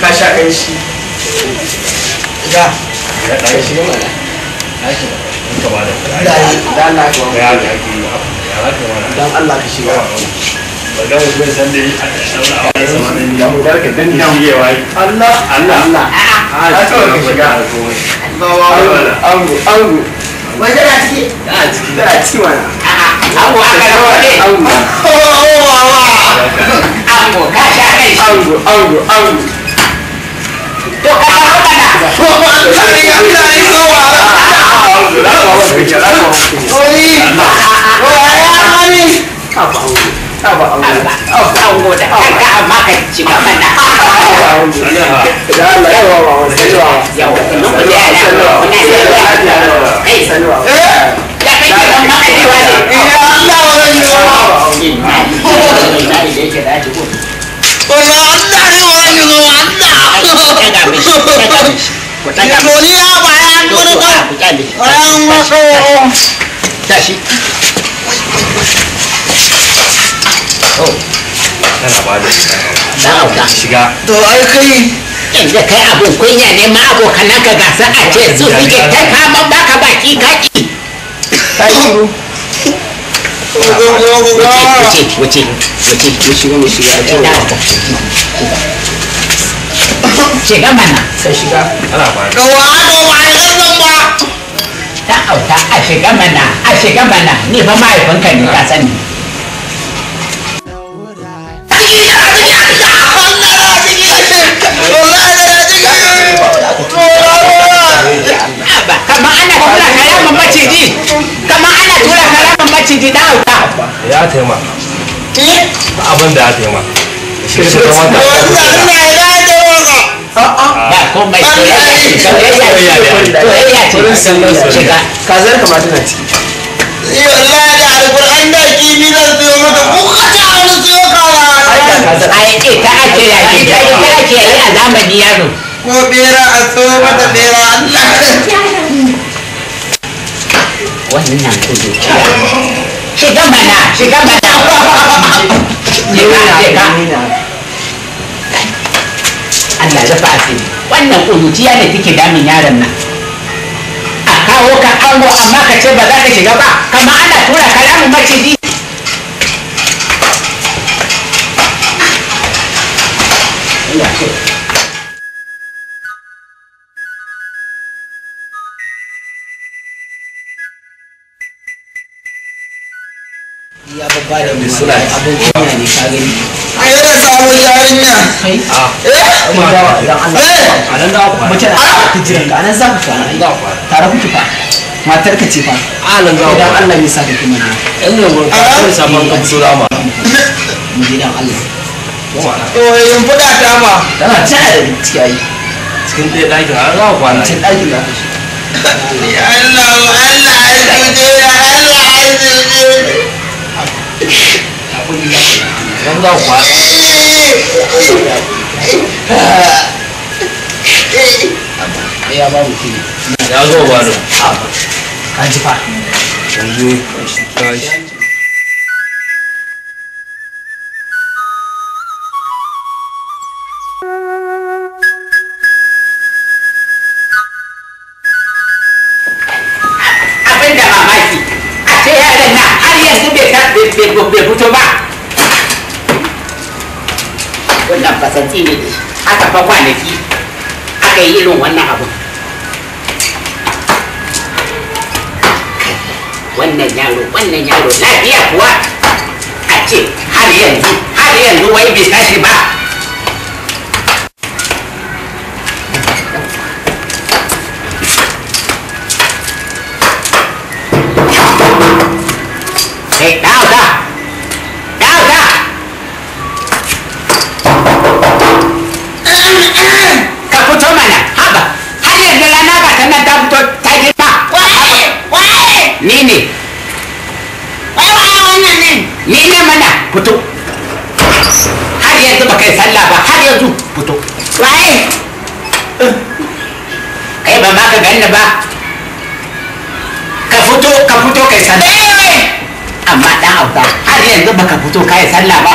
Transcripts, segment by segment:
ka sha kai shi ga ya ɗaya shi gama ya ɗaki ka ba da da Allah ka wani ya ga ake yi ya za ka wani don Allah ka shiga daga wasu bai san da yi a ƙarshen awon zamanin ya mu darka dan ya mu yewa yi Allah Allah Allah a kawai ka shiga a komai ango ango wanda na ciki na ciki na ciki mana ango aka rawa ne ango oh, oh, oh, ango ka ango ango ango da ka ce oh. na yi da da ko wala ya to ai kai inda kai abin kunya ne ma abokan ka gasa a ce su suke ta kama baka baki kaki kai wace wace wace mu shiga mu shiga a cikin shiga mana ka shiga ana ba ka wa ka wa ka ta auta a shiga mana a shiga mana ni fa mahaifinka ne ka sani Yeah. tura kalaman maciji ana tura kalaman maciji da hauta ya taima eh? abin da ya taima ta mata kazar kamar tana ci Allah da alƙur'an da kimi zan siyo maka bukata wani siyo kawa a yake ka ake yaƙi eh, ta ake yaƙi a zamani yaro ko bera a so mata bera Allah wannan na kudu shiga mana shiga mana shiga shiga Allah ya rufa asiri wannan kuruciya ne take damin yaron nan a kawo ka ango amma ka ce ba za ka shiga ba kama ana tura ka ramin maciji Yeah, sure. aka ba da suna abin kunya ne ka gani a yana samun yarinya kai ah. eh? a ta jiran eh? eh? ah? ku fa matar ka ce fa dan Allah ne sa ka kuma na in nan gurin ka Allah ma. Tana caya da ciki ayi. Cikin ɗaya ɗakin har za ku Allah Allah Allah Allah Allah Allah Akwatin ya sanya ake yi ake yi ake yi ake basantsi ne aka fa kwanaki aka yi irin wannan abu wannan yaro wannan yaro lafiya kuwa a ce har yanzu har yanzu wai bai tashi ba Hey, now inda ba ka fito ka fito kai sallah eh, amma dan auta har yanzu baka fito kai sallah ba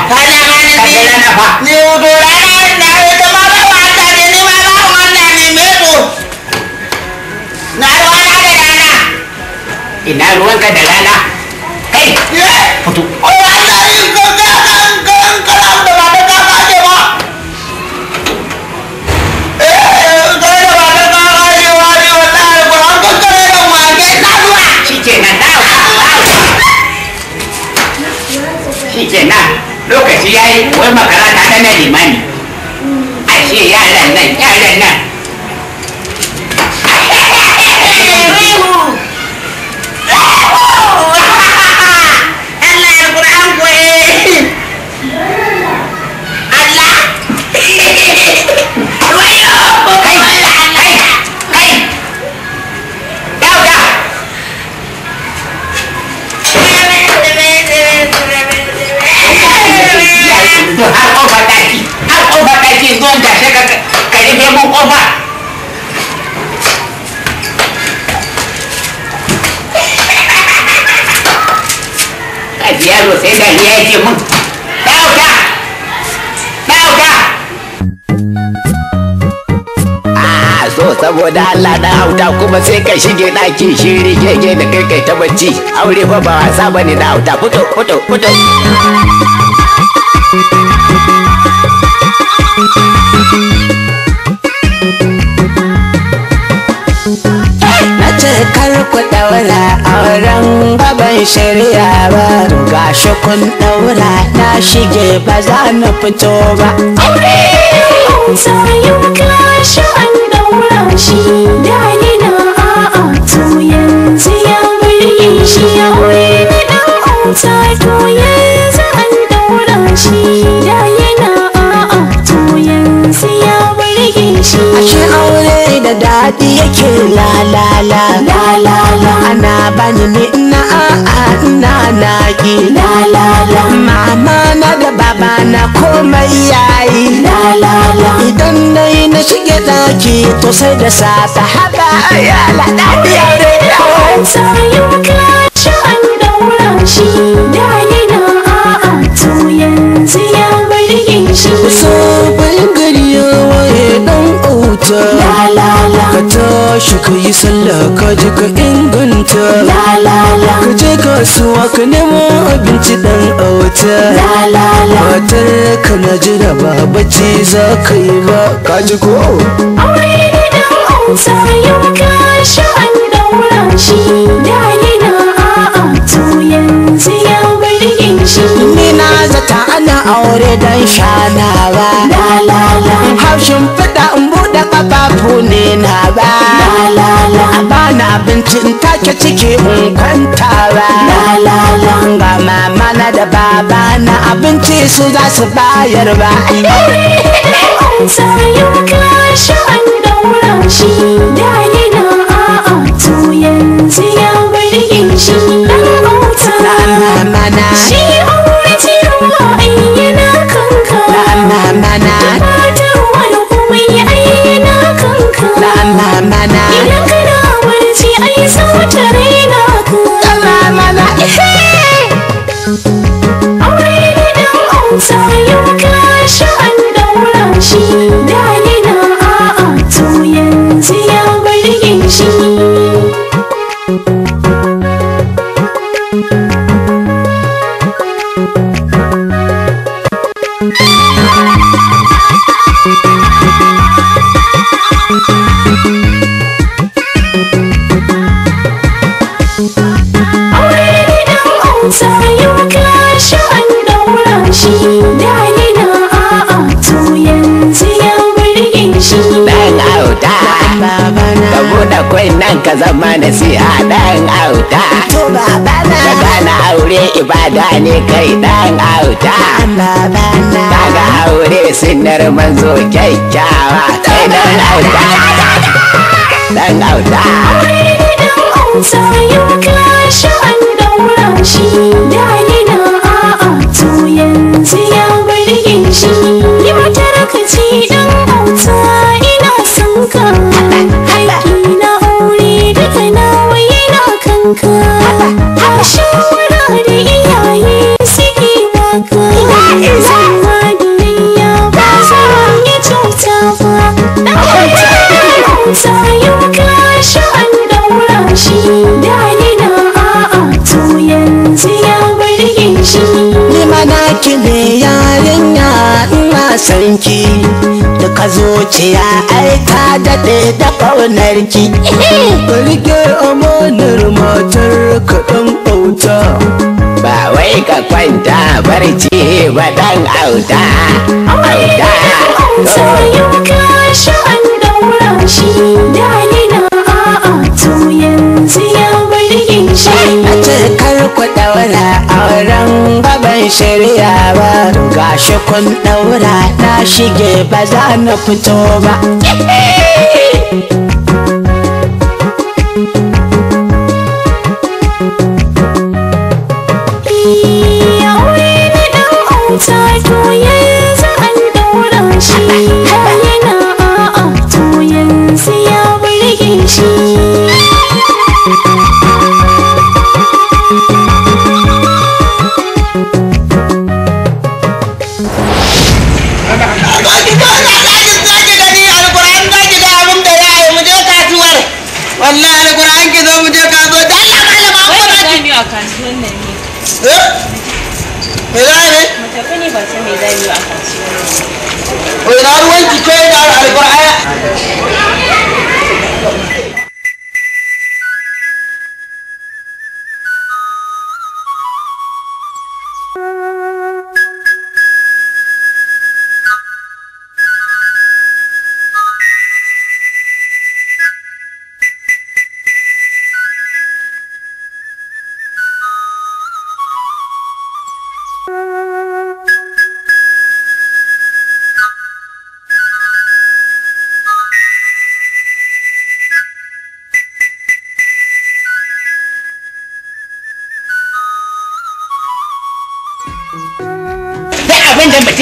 saboda Allah na hauta kuma sai ka shige ɗaki shiri gege da kai kai ta bacci aure fa ba wasa bane na hauta fito fito fito kar ku daura auren baban shari'a ba gashi kun daura na shige ba za na fito ba aure saurayin kashi an daura da na a'a to yanzu ya birge shi ya da na a'a to yanzu shi ashe aure da daɗi yake la la la la la ana bani ne naki la la la mama na da baba na komai yayi la la la idan nayi na shige daki to sai da sata haba ya la da yare tsayin kashi an daura shi da na a'a to yana tashi ka yi sallah ka ji ka inganta ka je kasuwa ka nemo abinci dan a wata matar ka na jira ba bacci za ka yi ba ka ji ko aure da a'a ni na zata ana aure dan shana abincin take ciki in kwanta ra ga mama na da baba na abinci su za su bayar ba da yana a'a to yanzu ya burge shi ɗan auta mana shi yana kankara mana ibada ne kai dan auta daga aure sinar manzo kyakkyawa kai dan auta dan auta Sayo kashi an daura shi da a'a to yanzu ya shi ya tara ka ci a zuciya ai ta daɗe da ƙaunar ki rike amanar matar ka ɗan bauta ba wai ka kwanta barci ba ɗan auta auta sayan kashi an daura shi da na a'a to yanzu ya bari shi a cikar ku daura auren ba mai shirya ga shi kun daura na shige ba za na fito ba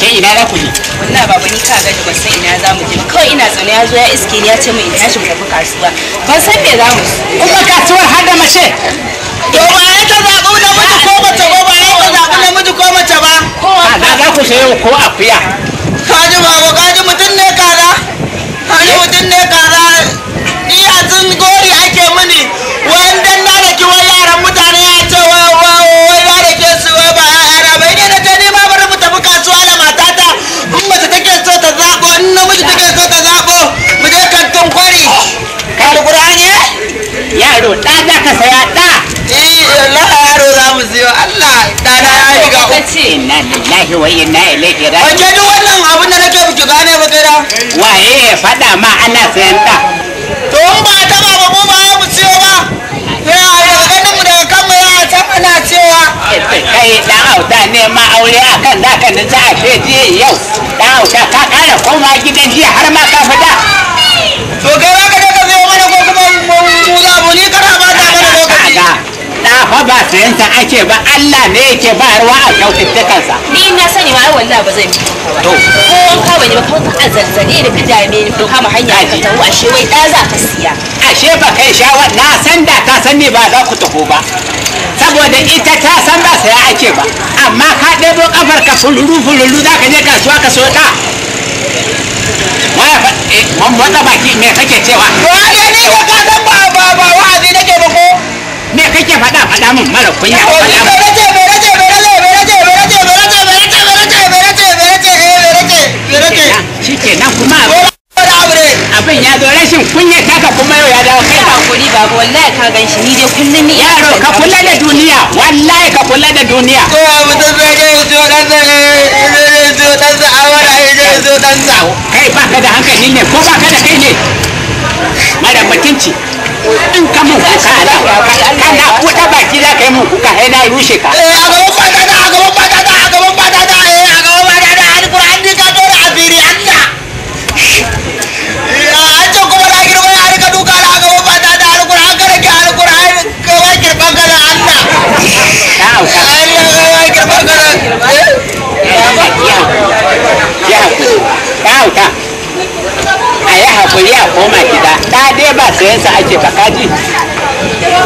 ke ina za ku je wannan baba ni ka gani ba sai ina za mu je kawai ina zaune ya zo ya iske ni ya ce min in tashi mu tafi kasuwa ban san me za mu kuma kasuwar har da mace to ba ya ta zaɓo da mu wa inna ilaihi raji'un ake duk wannan abin da nake biki gane ba kai da waye ya faɗa ma ana sayan ta to in ba ta ba ba mu ba mu siyo ba ya ya ganin mu daga kan mu ya ta mana cewa kai dan auta ne ma aure akan da kan ta a ce jiya yau dan auta ka kara koma gidan jiya har ma ka fada to ba sayanta ake ba Allah ne yake bayarwa a kyaututtukansa ni na sani ma wallahi ba zai ba to ko wanka ba ne ba kuma a zanzane da ka dame ni ko kama hanya ka tawo ashe wai da za ka siya ashe ba kai shawar na san da ta san ne ba za ku taho ba saboda ita ta san ba saya ake ba amma ka ɗebo kafar ka fululu fululu za ka je kasuwa ka so ta wanda eh, baki me kake cewa to ne ka san ba ba wa'azi nake ba ko me kake faɗa faɗa min mara kunya faɗa min shikenan kuma abin ya zo rashin kunya taka kuma yau ya dawo kai hakuri ba wallahi ka gan shi ni dai kullum ni yaro ka kula da duniya wallahi ka kula da duniya ko mutum zai je zo dan sa zo dan sa awara zo dan sa kai baka da hankali ne ko ba ka da kai ne mara mutunci in ka mun kuka kana ko ta ka yi mun kuka sai na rushe ka eh, sa ake ka kaji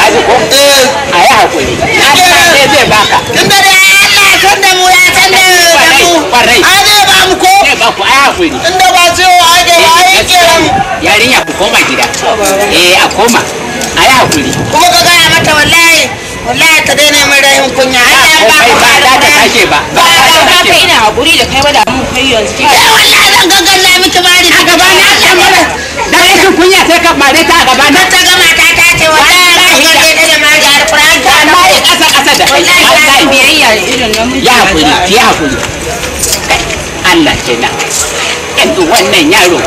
aji ko eh. a yi hakuri Allah ne zai baka tun da ya Allah san da mu ya san da mu a ne ba mu ko ne ba ku a yi hakuri in da ba ce wa ake ba a yi kiran yarinya ku koma gida eh a koma a yi hakuri kuma ka gaya mata wallahi wallahi ta daina mai rahin kunya Allah ya ba ake ba ba ba ka ina hakuri da kai ba da mun kai yanzu ki eh wallahi zan gagganna miki bari a gaba na ta mara da rashin kunya sai ka bare ta a gaba na ta ga mata ta ce wallahi ka shi da da ma da alquran ta na mai kasa kasa da wallahi ba biyayya irin nan ya hakuri ya hakuri Allah kenan yanzu wannan yaro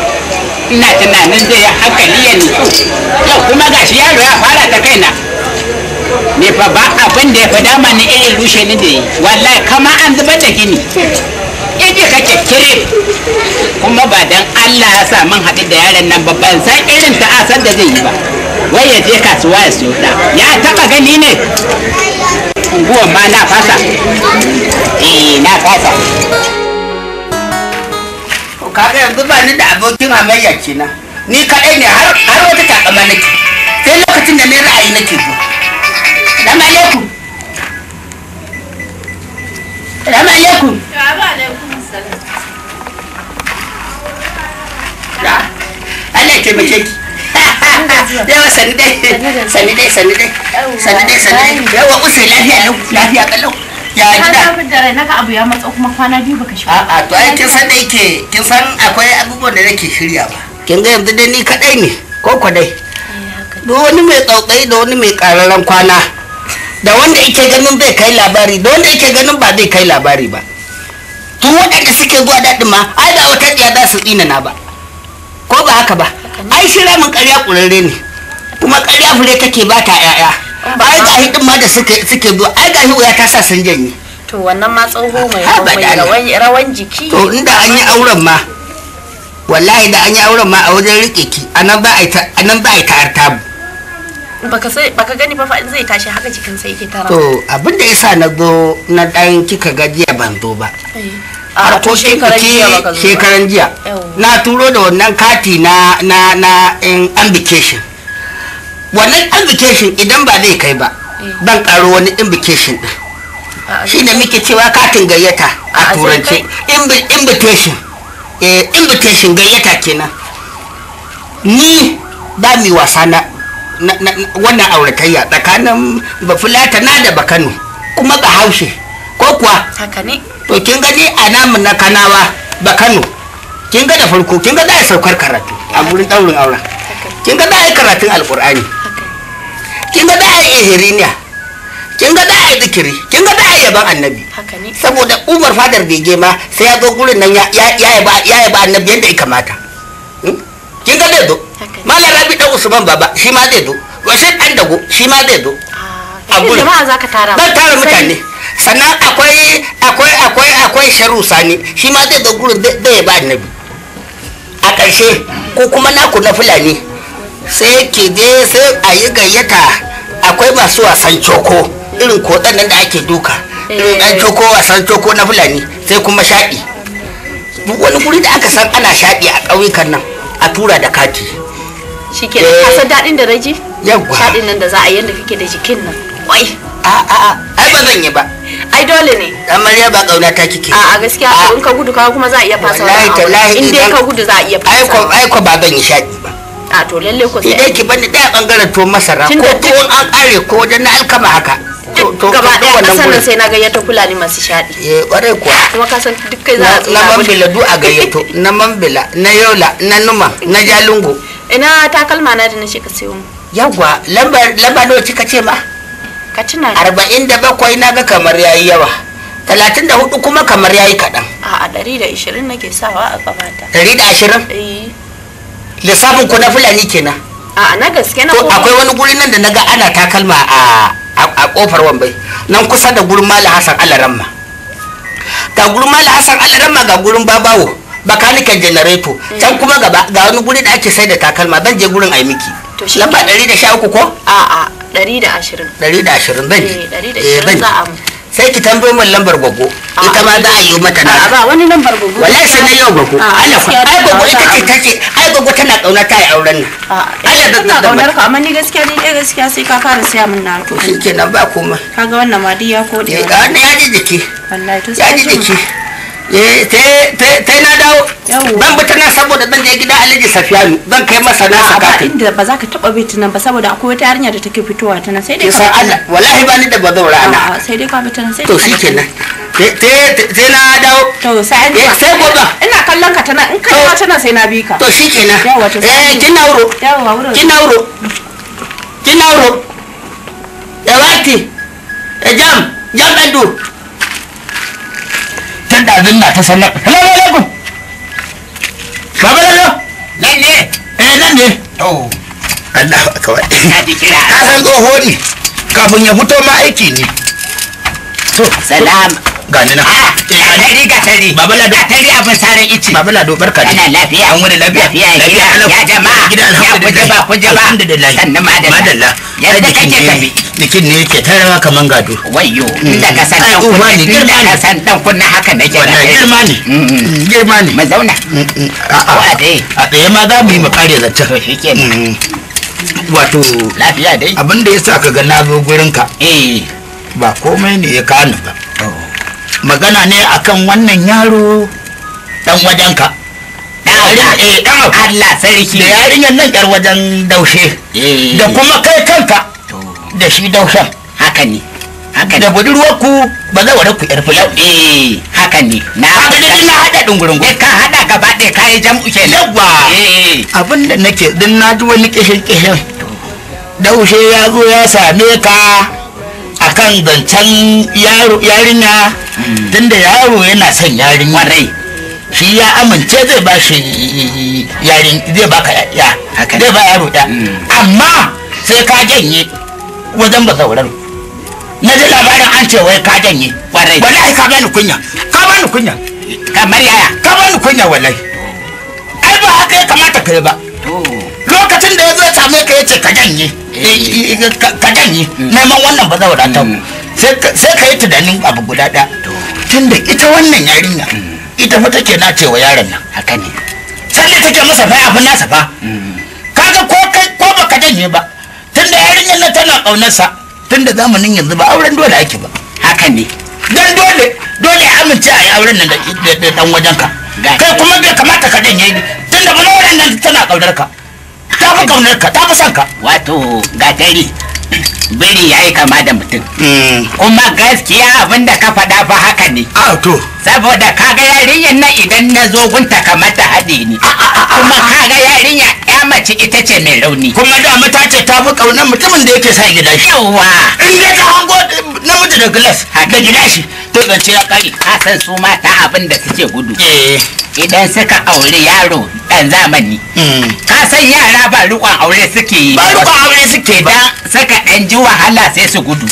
ina tunanin da ya hankali ya nutsu yau kuma gashi yaro ya fara ta kaina ne fa ba abin da ya fi dama ni irin eh, rushe ni da yi wallahi kama an zubar da gini ije ka kyakkyare kuma ba dan Allah ya sa man haɗu da yaren nan ba. Ban san irin ta'asar da zai yi ba wai ya je kasuwa ya siyo da ya taɓa gani ne unguwan ma na fasa eh na fasa kaga yanzu ba ni da abokin hamayya kenan ni kaɗai ne har wata takama nake sai lokacin da ni ra'ayi nake zuwa Salamu ki. Yawa sani dai, sani dai, abu ya kuma kwana biyu a'a kin san kin akwai abubuwan da nake shirya ba kin ga yanzu dai ni kadai ne ko ko da wani mai tsautsayi da wani mai ƙararren kwana da wanda yake ganin bai kai labari da wanda yake ganin ba zai kai labari ba to waɗanda suke zuwa daɗin ma ai da wata ɗiya za su tsina na ba ko ba haka ba ai shi ramin ƙarya ƙurare ne kuma ƙarya fure take ba ta ƴaƴa ai ga ɗin ma da suke zuwa ai ga wuya ta sa sun janye to wannan ma tsoho mai rawan jiki to inda an yi auren ma wallahi da an yi auren ma a wajen riƙe ki anan ba a yi ta artabu baka sai gani ba fa'in zai tashi haka cikin sai yake tara to abin da yasa na go na dan kika ga jiya ban zo ba eh. a ko shekaran jiya na turo da wannan kati na na na invitation wannan invitation idan ba zai kai ba eh. ban karo wani invitation din shi da muke cewa katin gayyata a turance invitation eh, invitation gayyata kenan ni ba mi wasa na wannan auratayya tsakanin bafulata na da bakano kuma bahaushe ko kuwa haka ne to kin gani a namun na kanawa bakano kin ga da farko kin ga za a saukar karatu a wurin daurin aura kin ga za a yi karatun alkur'ani kin ga za a yi ehiriniya kin ga za a yi zikiri kin ga za a yi yaban annabi saboda umar fadar bege ma sai ya zo gurin nan ya yaba annabi yadda ya kamata hmm? kin ga zai zo mala rabi dan usman baba shi ma zai zo washe dan dago shi ma zai zo a ah, gurin jama'a ka tara zan tara mutane sannan akwai akwai akwai akwai sharu sani shi ma zai zo gurin ya ba annabi a ƙarshe ko kuma naku na fulani sai ke je sai a yi gayyata akwai masu wasan coko irin kotsan nan da ake duka irin dan eh. coko wasan coko na fulani sai kuma shaɗi wani guri da aka san ana shaɗi a ƙauyukan nan a tura da kati shi ke ka eh. san daɗin da raji yawwa daɗin nan da za a yi yadda kake da jikin nan wai a a a ai ba zan yi ba ai dole ne amarya ba kauna ta kike a a gaskiya in ka gudu kawai kuma za a iya fasa wallahi tallahi in dai ka gudu za a iya fasa ai ko ai ko ba zan yi shaɗi ba a to lalle ko sai idan ki bani daya bangaren to masara ko ko an kare ko wajen na alkama haka to gaba daya kasan nan sai na gayyato fulani masu shaɗi eh kwarai kuwa kuma ka san duk kai za a tsira na mambila du a gayyato na mambila na yola na numa na jalungu ina takalma na da nace ka sayo mu yawwa lambar lamba nawa kika ce ma ka tuna arba'in da bakwai naga kamar yayi yawa talatin da hudu kuma kamar yayi kaɗan a ɗari da ishirin nake sawa a gabata ɗari da ashirin eh. lissafin ku na fulani kenan a na gaske na ko akwai wani guri nan da naga ana takalma a a kofar wambai nan kusa da gurin mala hasan alaramma ga gurin mala hasan alaramma ga gurin babawo bakanikan janareto can kuma gaba ga wani guri da ake sai da takalma zan je gurin ai miki lamba 113 ko a a 120 120 zan je eh ban sai ki tambo min lambar gogo ita ma za a yi mata na ba wani lambar gogo wallahi sai na yau gogo ala ai gogo ita ce tace ai gogo tana kauna ta yi auren nan ala eh, da da kaunar ka amma ni gaskiya ni dai eh, gaskiya sai ka fara siya min na to shikenan ba komai kaga wannan madiya ko ya kode ya eh, ya ji jiki wallahi to ya ji jiki ta eh, na dawo ban bi tana saboda zan je gida alhaji safiyanu zan kai masa na saka kai inda ba za ka taba bi nan ba saboda akwai wata yarinya da take fitowa ta nan sai dai ka Allah wallahi ba ni da bazaura ana sai dai ka bi nan sai to shikenan sai na dawo to sai eh, sai gobe eh, ina kallon ka tana, nan in kai ma ta nan sai na bi ka to shikenan eh kin nauro yawa wuro kin nauro kin nauro yawati jam jam edu abin dinna ta sallar salamu alaikum baba lalo nan ne eh nan ne oh Allahu kira. ka san tsoho ne kafin ya fito ma aiki ne to salam gani na gatari gatari abin sare ice lafiya lafiya ya jama'a ya kuje ba kuje ba sannan madalla madalla ne yake kaman gado wayyo hmm. ka san dan kunna haka nake girma ne hmm, hmm. girma ne zauna a a dai ma za kare zancen lafiya dai abinda ka ga na zo gurinka eh ba komai ne ya kani ba magana ne akan wannan yaro dan wajenka eh, Allah sarki da yarinyar nan yar wajen daushe eh. da kuma kai kanka da shi daushen haka ne haka da budurwarku ba za wa ku yar fulau eh haka ne na abin na hada dungurun ku ka hada gaba ɗaya kai jam'u ke yawa eh. abin da nake din na ji wani kishin kishin daushe ya zo ya same ka akan zancen yarinya tunda yaro yana son yarin rai shi ya amince zai ba shi yarin zai baka ya zai ba yaro ya mm. amma sai ka janye wajen ba sauraro na ji labarin an ce wai ka janye warai wallahi ka bani kunya ka bani kunya kamar yaya ka bani kunya wallahi ai ba haka ya kamata ka yi ba lokacin da ya zo same ka yace ka janye eh. Eh, eh, ka janye mm. neman wannan ba zaura ta mm. sai ka yi tunanin abu guda ɗaya tunda ita wannan yarinya ita fa take na cewa yaron nan haka ne sai take masa fa abin nasa fa kaga ko kai ko baka danye ba tunda yarinyar nan tana kaunarsa tunda zamanin yanzu ba auren dole ake ba haka ne dan dole dole amince a yi auren nan da dan wajen ka kai kuma bai kamata ka danye tunda ba auren nan tana kaunar ka ta fi kaunar ka ta fi son ka wato ga gari biri ya yi kama da mutum hmm. kuma gaskiya abinda ka faɗa fa haka ne ah, to saboda kaga yarinyar nan idan na zo gunta kamar ta haɗe ne ah, ah, kuma kaga yarinya mace ita ce mai rauni kuma da mata ce ta fi kaunar mutumin da yake sa shi. yawa in ga ta hango namiji da gilas da gilashi to ce ya kare ka san su mata abin da suke gudu eh. idan suka aure yaro dan zamani hmm. ka san yara ba rikon aure suke yi ba rikon aure suke dan saka dan ji wahala sai su gudu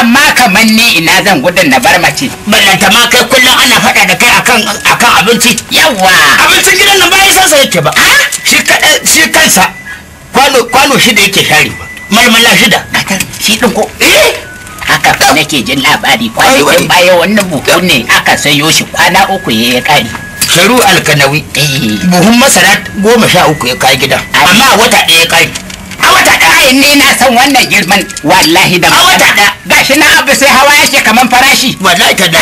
amma kamar ni ina zan gudun na bar mace ballanta ma kai kullum ana faɗa da kai akan akan abinci yawa abincin gidan nan ba san sa yake ba ah? shi kada shi kansa kwano kwano shida yake share ba malmala shida shi din ko eh haka fa nake jin labari kwanakin baya wannan buhun ne aka sayo shi kwana uku ya yi kari. sharu alkanawi eh. buhun masara goma sha uku ya kai gida amma wata ɗaya ya kare in ni na san wannan girman wallahi da a wata da gashi na abu sai hawa yake kaman farashi wallahi ka da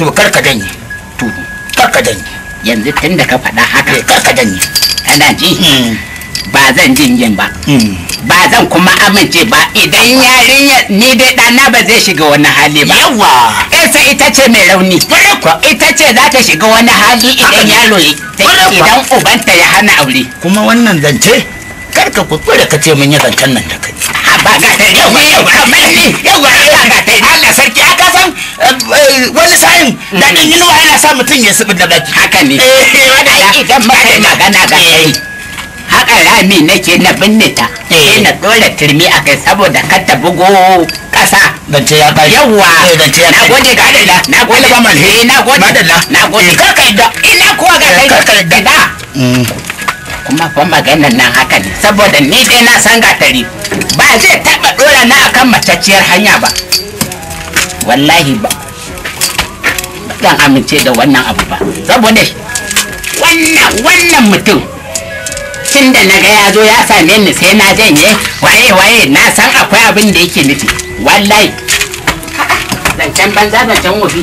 to kar ka danye to kar ka danye yanzu tun ka faɗa haka eh, kar ka danye kana ji hmm. ba zan jin yin ba hmm. ba zan kuma amince ba idan yarinya ni dai ɗana ba zai shiga wani hali ba yawa esa ita ce mai rauni ita ce za ta shiga wani hali idan yaro idan ubanta ya hana aure kuma wannan zance kar ka kuskure ka ce min yi zancen nan da kai ah, ba ga ta yau ba yau ba mai yau ba yau ga ta Allah sarki aka san eh, wani sa'in dadin yunwa yana sa mutun ya subin da baki haka ne eh, wanda idan ba kai magana ga kai haka rami nake na binne ta eh. sai na dole turmi a kai saboda kar ta bugo kasa dan ce ya kai yawa ce ya na gode ga Allah na gode ba malhe na gode madalla na gode kar ka yadda ina kuwa ga kai kar ka yadda kuma fa magana nan haka ne saboda ni dai na san gatari ba zai taɓa ɗora na akan matacciyar hanya ba wallahi ba dan amince da wannan abu ba saboda wannan wannan mutum tun da na ga ya zo ya same ni sai na janye waye waye na san akwai abin da yake nufi wallahi zancen banza zancen wofi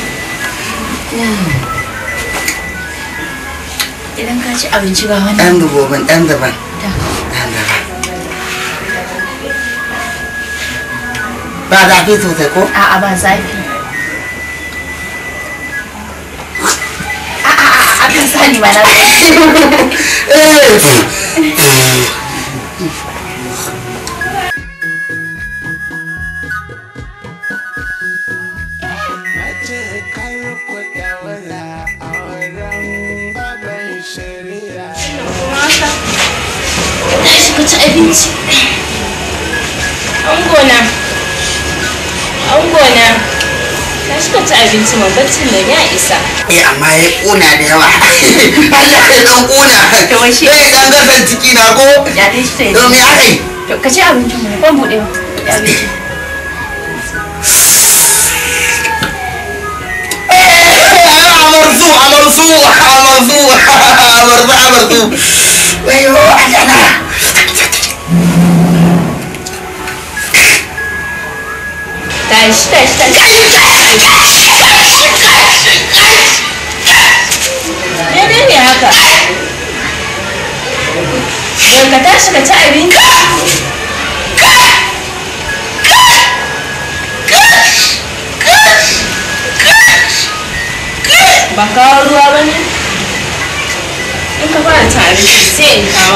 idan ka ci abinci ga wani ɗan dubobin ɗan daban ɗan daban ba zafi sosai ko a'a ba zafi a'a a'a akan sani ba na ku ci abinci an gona an gona ta shi ci abinci ma bacci da ya isa eh amma ya kuna da yawa Allah ya dan kuna to eh dan gasan ciki na ko ya dai shi to me akai to ka ci abinci mu ban bude abinci مرضوع مرضوع مرضوع مرضوع ايوه انا tashi tashi tashi daidai ne haka yau ka tashi ka ci abinci ba kawo ruwa ba ne in ka fara abinci sai in kawo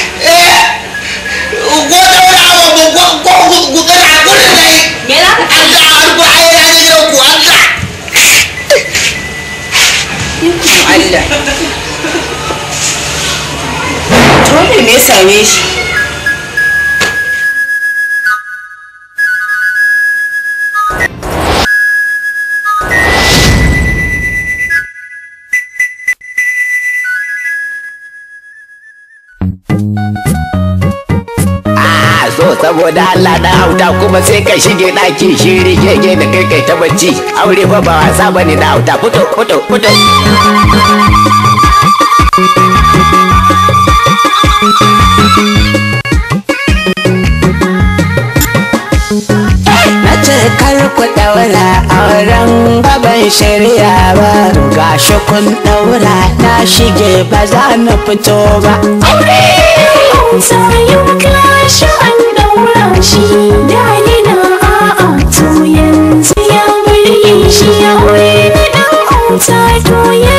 Wani me ya same shi? saboda Allah na hauta kuma sai ka shige ɗaki shiri gege da kai kai ta bacci aure fa ba wasa bane na hauta fito fito fito ku daura auren baban shari'a ba gashi kun daura na shige ba za na fito ba aure sauyin kashi ɗora shi to yanzu ya